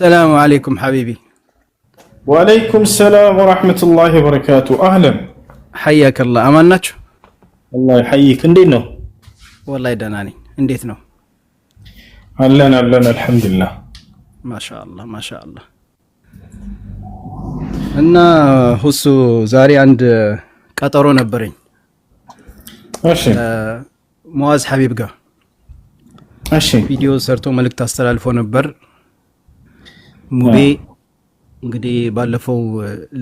ሰላሙ አለይኩም ሐቢቢ። ወአለይኩም ሰላም ወራህመቱላሂ ወበረካቱ። አህለን ሐያከ አላህ። አማን ናችሁ? አላህ ይሐይክ። እንዴት ነው? ወላሂ ደህና ነኝ። እንዴት ነው? አለን አለን፣ አልሐምዱሊላህ። ማሻአላህ ማሻአላህ። እና ሁሱ ዛሬ አንድ ቀጠሮ ነበረኝ ሙአዝ ሐቢብ ጋር ቪዲዮ ሰርቶ መልእክት አስተላልፎ ነበር ሙቤ እንግዲህ ባለፈው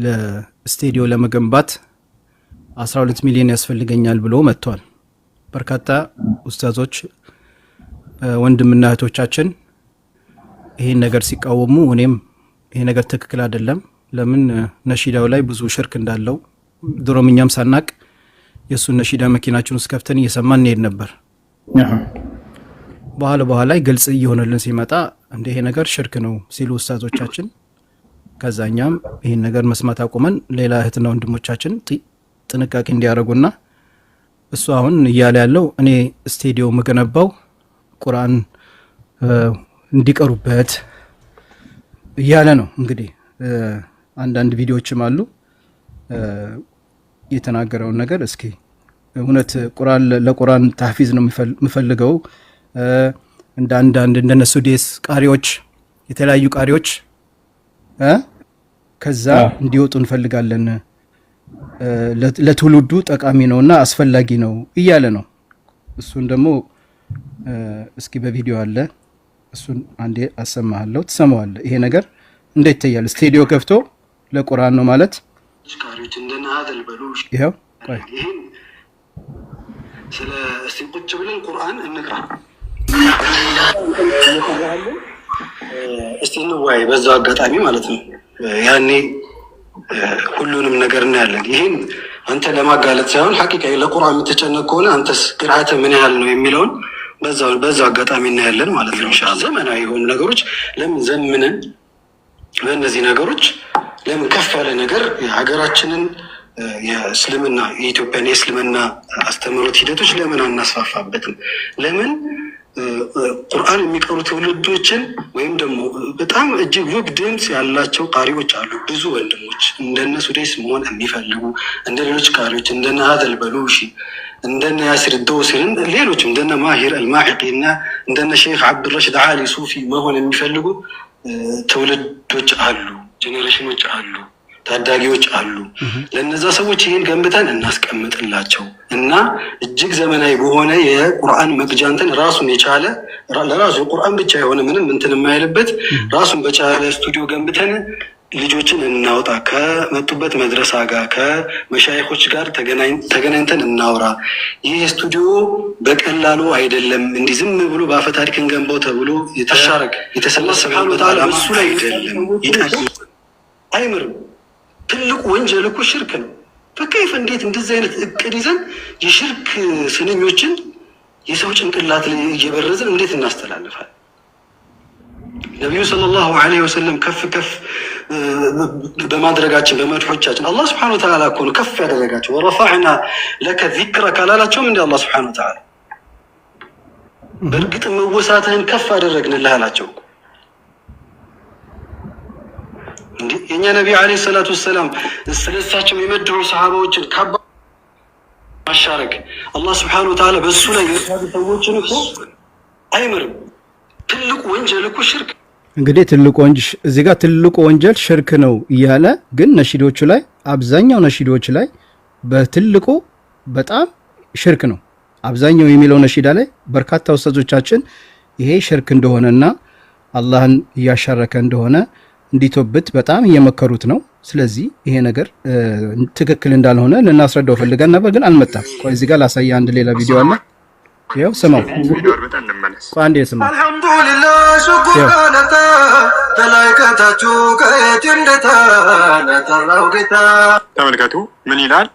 ለስቴዲዮ ለመገንባት 12 ሚሊዮን ያስፈልገኛል ብሎ መጥቷል። በርካታ ኡስታዞች ወንድምና እህቶቻችን ይሄን ነገር ሲቃወሙ እኔም ይሄ ነገር ትክክል አይደለም፣ ለምን ነሺዳው ላይ ብዙ ሽርክ እንዳለው ድሮም እኛም ሳናቅ የእሱን ነሺዳ መኪናችን ውስጥ ከፍተን እየሰማን እንሄድ ነበር። በኋላ በኋላ ላይ ግልጽ እየሆነልን ሲመጣ እንደ ይሄ ነገር ሽርክ ነው ሲሉ ውሳቶቻችን ከዛኛም ይህን ነገር መስማት አቁመን ሌላ እህትና ወንድሞቻችን ጥንቃቄ እንዲያደርጉና እሱ አሁን እያለ ያለው እኔ ስቴዲዮ ምገነባው ቁርአን እንዲቀሩበት እያለ ነው። እንግዲህ አንዳንድ ቪዲዮዎችም አሉ የተናገረውን ነገር እስኪ እውነት ቁርአን ለቁርአን ታህፊዝ ነው የምፈልገው እንደ አንዳንድ እንደነሱ ዴስ ቃሪዎች፣ የተለያዩ ቃሪዎች ከዛ እንዲወጡ እንፈልጋለን። ለትውልዱ ጠቃሚ ነው እና አስፈላጊ ነው እያለ ነው። እሱን ደግሞ እስኪ በቪዲዮ አለ፣ እሱን አንዴ አሰማሃለሁ፣ ትሰማዋለህ። ይሄ ነገር እንደ ይታያል? ስቴዲዮ ከፍቶ ለቁርአን ነው ማለት ይኸው። ስለ እስቲ ቁጭ ብለን ቁርአን እንቅራ እስቲ እንዋይ በዛው አጋጣሚ ማለት ነው። ያኔ ሁሉንም ነገር እናያለን። ይህን አንተ ለማጋለጥ ሳይሆን ሀቂቃ ለቁርአን የምትጨነቅ ከሆነ አንተስ ቅርአተ ምን ያህል ነው የሚለውን በዛው አጋጣሚ እናያለን ማለት ነው። ኢንሻ ዘመናዊ የሆኑ ነገሮች ለምን ዘምነን በእነዚህ ነገሮች ለምን ከፍ ያለ ነገር ሀገራችንን የእስልምና የኢትዮጵያን የእስልምና አስተምህሮት ሂደቶች ለምን አናስፋፋበትም? ለምን ቁርአን የሚቀሩ ትውልዶችን ወይም ደግሞ በጣም እጅግ ውብ ድምፅ ያላቸው ቃሪዎች አሉ። ብዙ ወንድሞች እንደነ ሱዴስ መሆን የሚፈልጉ እንደ ሌሎች ቃሪዎች እንደነ አደል በሉሺ እንደነ ያሲር ደውሲርን ሌሎች እንደነ ማሂር አልማሂቂ እና እንደነ ሼክ አብዱረሽድ አሊ ሱፊ መሆን የሚፈልጉ ትውልዶች አሉ፣ ጀኔሬሽኖች አሉ። ታዳጊዎች አሉ። ለነዛ ሰዎች ይህን ገንብተን እናስቀምጥላቸው እና እጅግ ዘመናዊ በሆነ የቁርአን መቅጃ እንትን ራሱን የቻለ ለራሱ የቁርአን ብቻ የሆነ ምንም እንትን የማይልበት ራሱን በቻለ ስቱዲዮ ገንብተን ልጆችን እናውጣ፣ ከመጡበት መድረሳ ጋር ከመሻይኮች ጋር ተገናኝተን እናውራ። ይህ ስቱዲዮ በቀላሉ አይደለም፣ እንዲህ ዝም ብሎ በአፈ ታሪክን ገንባው ተብሎ የተሻረግ የተሰለሰ ላይ አይደለም። ይጠቅም አይምርም ትልቁ ወንጀል እኮ ሽርክ ነው። በከይፍ እንዴት እንደዚህ አይነት እቅድ ይዘን የሽርክ ስንኞችን የሰው ጭንቅላት እየበረዝን እንዴት እናስተላልፋል? ነቢዩ ሰለላሁ ዐለይሂ ወሰለም ከፍ ከፍ በማድረጋችን በመድሖቻችን አላህ ስብሐነ ወተዓላ እኮ ነው ከፍ ያደረጋቸው። ወረፈዕና ለከ ዚክረከ አላላቸውም እንዲ አላህ ስብሐነ ወተዓላ በእርግጥ መወሳትህን ከፍ አደረግንልህ አላቸው። የእኛ ነቢ ዓለይሂ ሰላቱ ወሰላም ስለሳቸው የመድሩ ሰሃባዎችን ከባ ማሻረግ አላህ ስብሐነሁ ወተዓላ በእሱ ላይ የሳዱ ሰዎችን እኮ አይምርም። ትልቁ ወንጀል እኮ ሽርክ። እንግዲህ ትልቁ ወንጀል እዚህ ጋር ትልቁ ወንጀል ሽርክ ነው እያለ ግን ነሺዶቹ ላይ አብዛኛው ነሺዶች ላይ በትልቁ በጣም ሽርክ ነው አብዛኛው የሚለው ነሺዳ ላይ በርካታ ውስቶቻችን ይሄ ሽርክ እንደሆነና አላህን እያሻረከ እንደሆነ እንዲቶብት በጣም እየመከሩት ነው። ስለዚህ ይሄ ነገር ትክክል እንዳልሆነ ልናስረዳው ፈልገን ነበር፣ ግን አልመጣም። ቆይ እዚህ ጋር ላሳየ አንድ ሌላ ቪዲዮ አለ። ያው ስማው፣ አንዴ ስማው። አልሐምዱሊላህ ከየት እንደታ ነጠራው ጌታ። ተመልከቱ ምን ይላል?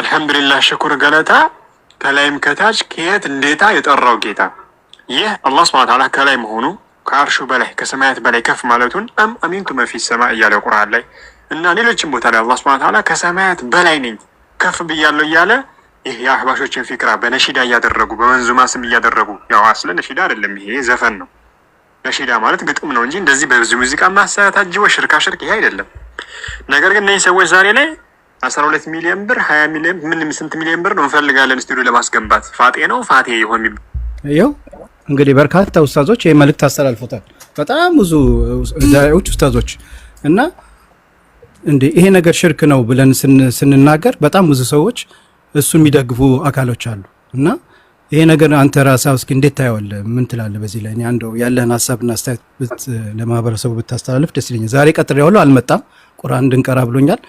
አልሐምዱሊላህ ሽኩር ገለታ ከላይም ከታች ከየት እንዴታ የጠራው ጌታ። ይህ አላህ ስብሐ ወተዓላ ከላይ መሆኑ ከአርሹ በላይ ከሰማያት በላይ ከፍ ማለቱን አም አሚንቱ መፊ ሰማ እያለ ቁርአን ላይ እና ሌሎችም ቦታ ላይ አላህ ስብሐነ ተዓላ ከሰማያት በላይ ነኝ ከፍ ብያለሁ እያለ ይህ የአህባሾችን ፊክራ በነሺዳ እያደረጉ በመንዙማ ስም እያደረጉ ያው አስለ ነሺዳ አይደለም፣ ይሄ ዘፈን ነው። ነሺዳ ማለት ግጥም ነው እንጂ እንደዚህ በብዙ ሙዚቃ ማሳያ ታጅቦ ሽርካ ሽርክ ይሄ አይደለም። ነገር ግን እነዚህ ሰዎች ዛሬ ላይ አስራ ሁለት ሚሊዮን ብር ሀያ ሚሊዮን ምንም ስንት ሚሊዮን ብር ነው እንፈልጋለን ስቱዲዮ ለማስገንባት ፋጤ ነው ፋቴ ይሆን ይው እንግዲህ በርካታ ውስታዞች ይህ መልእክት አስተላልፎታል። በጣም ብዙ ዳዎች ውስታዞች እና እንዲህ ይሄ ነገር ሽርክ ነው ብለን ስንናገር በጣም ብዙ ሰዎች እሱ የሚደግፉ አካሎች አሉ እና ይሄ ነገር አንተ ራሳ እስኪ እንዴት ታየዋለህ? ምን ትላለህ? በዚህ ላይ አንደው ያለህን ሀሳብና አስተያየት ለማህበረሰቡ ብታስተላልፍ ደስ ይለኛል። ዛሬ ቀጥሬ ያውለው አልመጣም፣ ቁርአን እንድንቀራ ብሎኛል።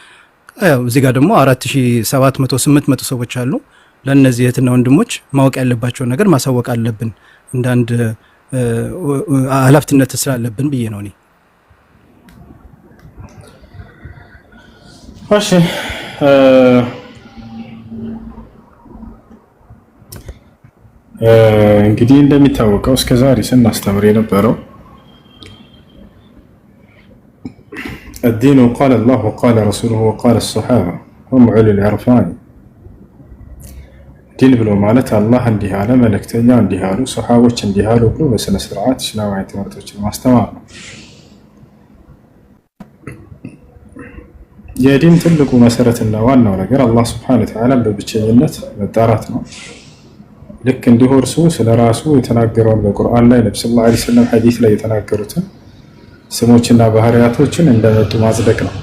እዚህ ጋር ደግሞ አራት ሺ ሰባት መቶ ስምንት መቶ ሰዎች አሉ። ለእነዚህ እህትና ወንድሞች ማወቅ ያለባቸውን ነገር ማሳወቅ አለብን። እንደ አንድ ኃላፊነት ስላለብን ብዬ ነው እኔ። እሺ እንግዲህ እንደሚታወቀው እስከዛሬ ስናስተምር የነበረው الدين قال الله وقال رسوله وقال الصحابة هم علو العرفان ዲን ብሎ ማለት አላህ እንዲህ አለ፣ መልእክተኛ እንዲህ አሉ፣ ሰሓቦች እንዲህ አሉ ብሎ በስነ ስርዓት እስላማዊ ትምህርቶችን ማስተማር ነው። የዲን ትልቁ መሰረትና ዋናው ነገር አላህ ስብሐነ ወተዓላ በብቸኝነት መጣራት ነው። ልክ እንዲሁ እርሱ ስለ ራሱ የተናገረውን በቁርአን ላይ ነብዩ ሰለላሁ ዐለይሂ ወሰለም ሐዲስ ላይ የተናገሩትን ስሞችና ባህሪያቶችን እንደመጡ ማጽደቅ ነው።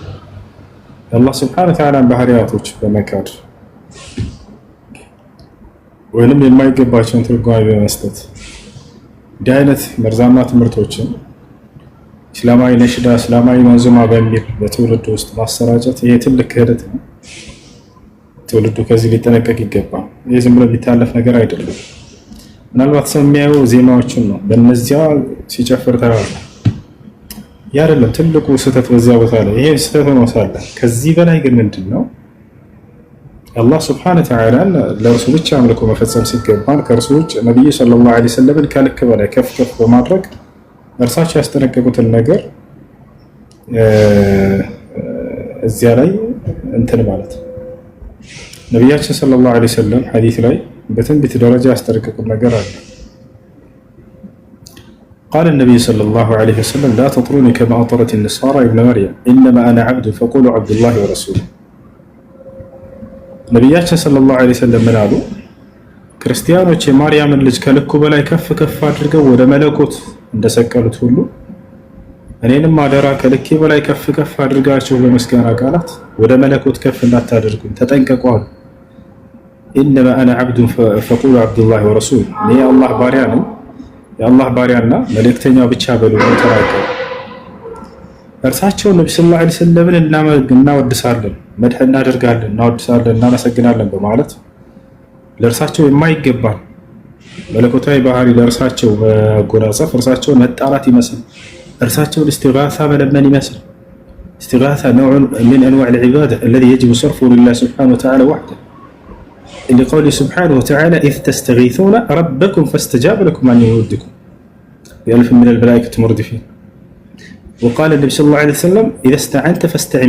የአላህ ስብሐነ ወተዓላን ባህሪያቶች በመካድ ወይንም የማይገባቸውን ትርጓሜ በመስጠት እንዲህ አይነት መርዛማ ትምህርቶችን እስላማዊ ነሽዳ፣ እስላማዊ መንዙማ በሚል በትውልድ ውስጥ ማሰራጨት ይሄ ትልቅ ክህደት ነው። ትውልዱ ከዚህ ሊጠነቀቅ ይገባል። ይህ ዝም ብሎ የሚታለፍ ነገር አይደለም። ምናልባት ሰው የሚያየው ዜማዎችን ነው፣ በእነዚያ ሲጨፍር ተራለ። ያ አይደለም ትልቁ ስህተት በዚያ ቦታ ላይ። ይሄ ስህተት ነው ሳለ ከዚህ በላይ ግን ምንድን ነው አላህ ስብሓነ ተዓላን ለእርሱ ብቻ አምልኮ መፈጸም ሲገባን ከእርሱ ውጭ ነቢዩ ሰለላሁ ዐለይሂ ወሰለምን ከልክ በላይ ከፍ ከፍ በማድረግ እርሳቸው ያስጠነቀቁትን ነገር እዚያ ላይ እንትን ማለት ነቢያችን ሰለላሁ ዐለይሂ ወሰለም ሐዲስ ላይ በትንቢት ደረጃ ያስጠነቀቁት ነገር አለ። قال النبي صلى الله عليه وسلم لا تطروني كما أطرت النصارى ابن مريم إنما أنا عبد فقولوا عبد الله ورسوله ነቢያችን ሰለላሁ ዐለይሂ ወሰለም ምን አሉ? ክርስቲያኖች የማርያምን ልጅ ከልኩ በላይ ከፍ ከፍ አድርገው ወደ መለኮት እንደሰቀሉት ሁሉ እኔንም አደራ ከልኬ በላይ ከፍ ከፍ አድርጋችሁ በምስጋና ቃላት ወደ መለኮት ከፍ እንዳታደርጉኝ ተጠንቀቁ አሉ። ኢነማ አነ ዐብዱን ፈቁሉ ዐብዱላሂ ወረሱል እኔ የአላህ ባሪያ ነኝ፣ የአላህ ባሪያና መልእክተኛው ብቻ በሉ ተናገሩ እርሳቸው ነቢ ስ ላ ሰለምን እናወድሳለን፣ መድህ እናደርጋለን፣ እናወድሳለን፣ እናመሰግናለን በማለት ለእርሳቸው የማይገባን መለኮታዊ ባህሪ ለእርሳቸው መጎናጸፍ እርሳቸውን መጣላት ይመስል እርሳቸውን እስቲጋሳ መለመን ይመስል استغاثة نوع من أنواع العبادة الذي يجب صرفه لله سبحانه وتعالى وحده لقوله سبحانه وتعالى إذ تستغيثون ربكم فاستجاب لكم أن يودكم بألف من الملائكة مردفين ወቃለ ነቢ ሰለላሁ ዐለይሂ ወሰለም ኢዛ ስተዐንተ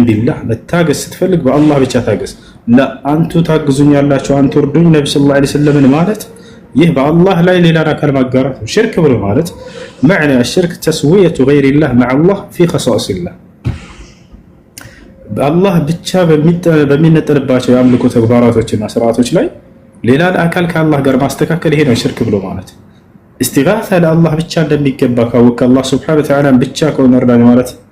ቢላህ መታገስ ስትፈልግ በአላህ ብቻ ታገስ። ለአንቱ ታግዙኝ ያላቸው አንቱ እርዱኝ ነቢ ሰለላሁ ዐለይሂ ወሰለምን ማለት ይህ በአላህ ላይ ሌላን አካል ማጋራት ነው። ሽርክ ብሎ ማለት መዕና ሽርክ ተስውየቱ ገይሪላህ መዓ አላህ ፊ ኸሳኢሲላህ በአላህ ብቻ በሚነጠልባቸው የአምልኮ ተግባራቶችና ስርዓቶች ላይ ሌላን አካል ከአላህ ጋር ማስተካከል ይሄ ነው ሽርክ ብሎ ማለት استغاثة لله بتشان دمي كبك وك الله سبحانه وتعالى بتشاك ونردان مرت